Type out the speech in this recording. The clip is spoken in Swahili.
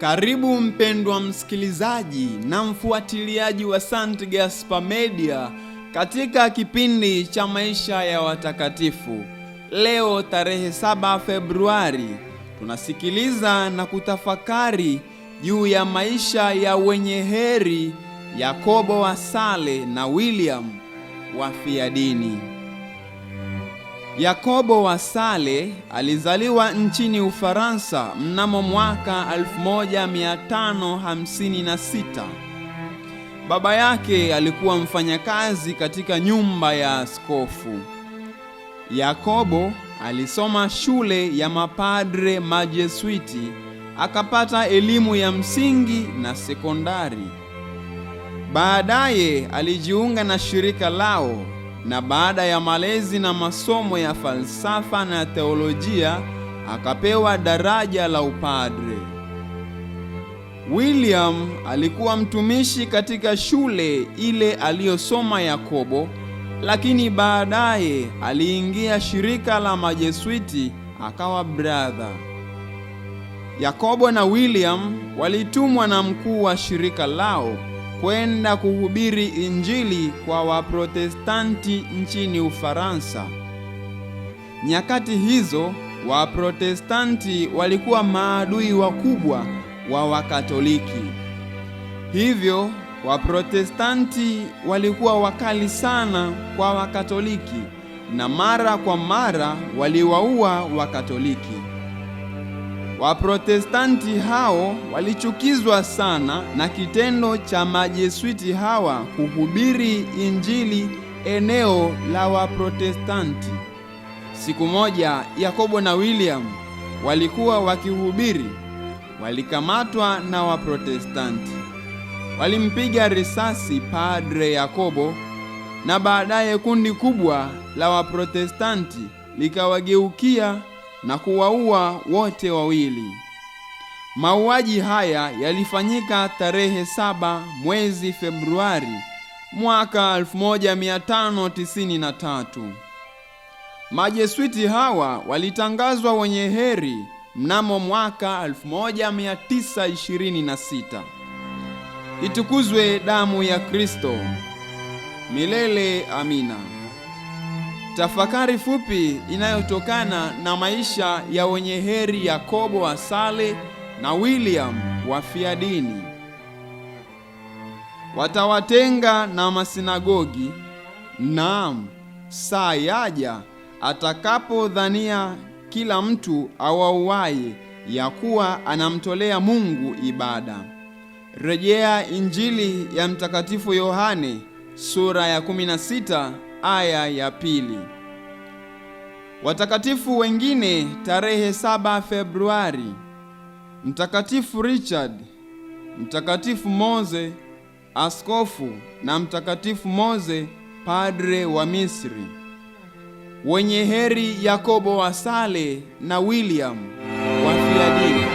Karibu mpendwa msikilizaji na mfuatiliaji wa Sant Gaspar Media katika kipindi cha maisha ya watakatifu. Leo tarehe 7 Februari tunasikiliza na kutafakari juu ya maisha ya wenye heri Yakobo wa Sale na William wafiadini. Yakobo wa Sale alizaliwa nchini Ufaransa mnamo mwaka 1556. Baba yake alikuwa mfanyakazi katika nyumba ya askofu. Yakobo alisoma shule ya mapadre majesuiti akapata elimu ya msingi na sekondari. Baadaye alijiunga na shirika lao na baada ya malezi na masomo ya falsafa na teolojia akapewa daraja la upadre. William alikuwa mtumishi katika shule ile aliyosoma Yakobo, lakini baadaye aliingia shirika la majesuiti akawa brother. Yakobo na William walitumwa na mkuu wa shirika lao kwenda kuhubiri Injili kwa Waprotestanti nchini Ufaransa. Nyakati hizo Waprotestanti walikuwa maadui wakubwa wa Wakatoliki. Hivyo Waprotestanti walikuwa wakali sana kwa Wakatoliki na mara kwa mara waliwaua Wakatoliki. Waprotestanti hao walichukizwa sana na kitendo cha majesuiti hawa kuhubiri Injili eneo la Waprotestanti. Siku moja Yakobo na William walikuwa wakihubiri, walikamatwa na Waprotestanti. Walimpiga risasi Padre Yakobo na baadaye kundi kubwa la Waprotestanti likawageukia na kuwaua wote wawili. Mauaji haya yalifanyika tarehe saba mwezi Februari mwaka 1593. Majesuiti hawa walitangazwa wenye heri mnamo mwaka 1926. Itukuzwe damu ya Kristo! Milele amina. Tafakari fupi inayotokana na maisha ya wenye heri Yakobo wa Sale na William wa Fiadini. Watawatenga na masinagogi, naam, saa yaja atakapodhania kila mtu awauaye ya kuwa anamtolea Mungu ibada. Rejea Injili ya Mtakatifu Yohane sura ya 16 aya ya pili. Watakatifu wengine tarehe 7 Februari: Mtakatifu Richard, Mtakatifu moze askofu na Mtakatifu moze padre wa Misri. Wenye heri Yakobo wa Sale na William wa Filadelfia.